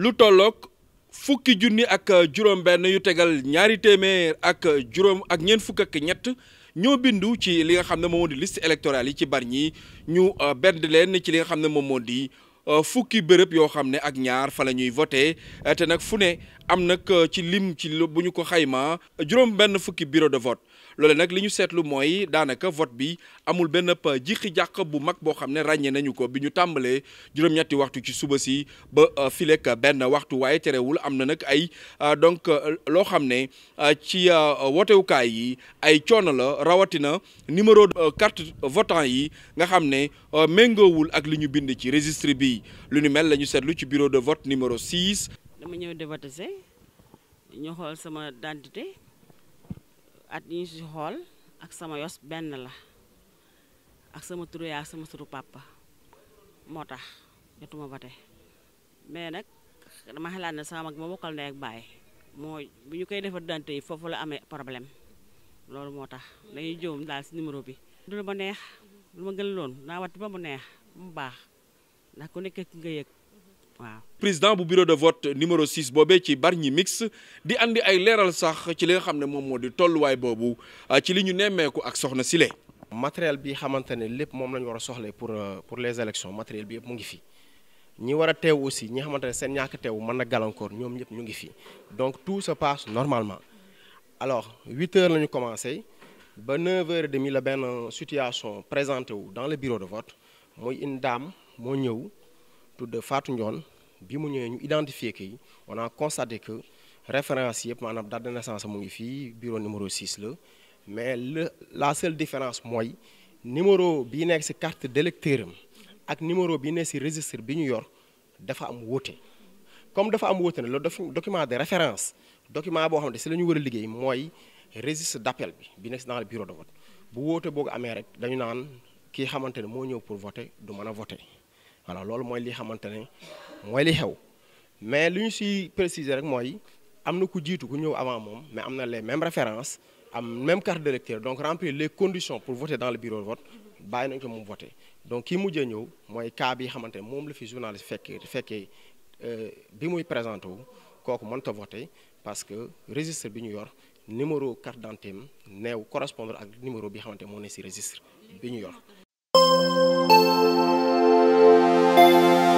lu tollook fukki junni ak juróom-benn yu tegal ñaari téeméer ak juróom ak ñeent fukk ñett ñoo bindu ci li nga xam ne moom moo di liste yi ci bar ñi ñu euh, bend leen ci li nga xam ne moom moo di. Euh, fukki bërëb yoo xam ne ak ñaar fa la ñuy voté euh, te nag fu ne am nag euh, ci lim ci bu ñu ko xayma juróom benn fukki bureau de vote loole nag li ñu seetlu mooy daanaka vote bi amul benn jiqi jàq bu mag boo xam ne ràññee nañu ko bi ñu tàmbalee juróom-ñetti waxtu ci suba si ba filek benn waxtu waaye terewul am na nag ay donc loo xam ne ci wotewukaay yi ay coono la rawatina numéro carte votant yi nga xam ne méngoowul ak li ñu bind ci registre bi yi lu ni mel la ñu seetlu ci bureau de vote numéro 6. dama ñëw di si ñu xool sama identité at yi ñu si xool ak sama yos benn la ak sama turu yaay ak sama turu papa moo tax jotuma vote mais nag dama xalaat ne sama mag ma bokkal ndey ak baay moo bu ñu koy defar dante yi foofu la amee problème loolu moo tax dañuy jóom daal si numéro bi. du ma neex lu ma gën loon naa wati ba mu neex mu baax. ndax ku nekk ki waaw. président bu bureau de vote numéro 6 bobé ci Bargny mix di andi ay léral sax ci li nga xamné mom modi tollu way bobu ah, ci li ñu néméku ak soxna silé matériel bi xamante lepp mom moom wara soxlé pour euh, pour les élections matériel bi yëpp mu ngi fi. ñi wara a aussi ñi xamante sen seen ñàkk teew mën na gàllankoor ñoom ñëpp ñu ngi fi donc tout se passe normalement alors 8 heures lañu commencé ba 9h30 la ben situation présentée wu dans le bureau de vote moy une dame moo ñëw tudde Fatou ndion bi mu ñëwee ñu identifier que on a constaté que référence yëpp manam date de naissance mo ngi fi bureau numéro 6 le mais le la seule différence moy numéro bi nekk ci carte d'électeur am ak numéro bi nekk ci registre bi ñu yor dafa am wóote comme dafa am wóote le document de référence document bo xam ne ci la ñu war liggéey mooy registre d'appel bi bi nekk dans le bureau de vote bu wóote boobu amé rek dañu naan ki xamantene mo moo pour voter du mëna voter voilà loolu moy li xamantene moy li xew mais luñ ci préciser rek moy am ko ku jiitu ku avant mom mais am les mêmes références am même carte d'électeur donc remplir les conditions pour voter dans le bureau de vote bàyyi nañ ko mu voter donc ki mujjee ñew moy ka bi xamantene mom la fi journaliste fekkee euh bi muy présenter wu kooku mën ta voter parce que registre bi ñu yor numéro carte d'identité néw correspondre ak numéro bi xamantene mo ne ci registre bi ñu yor Música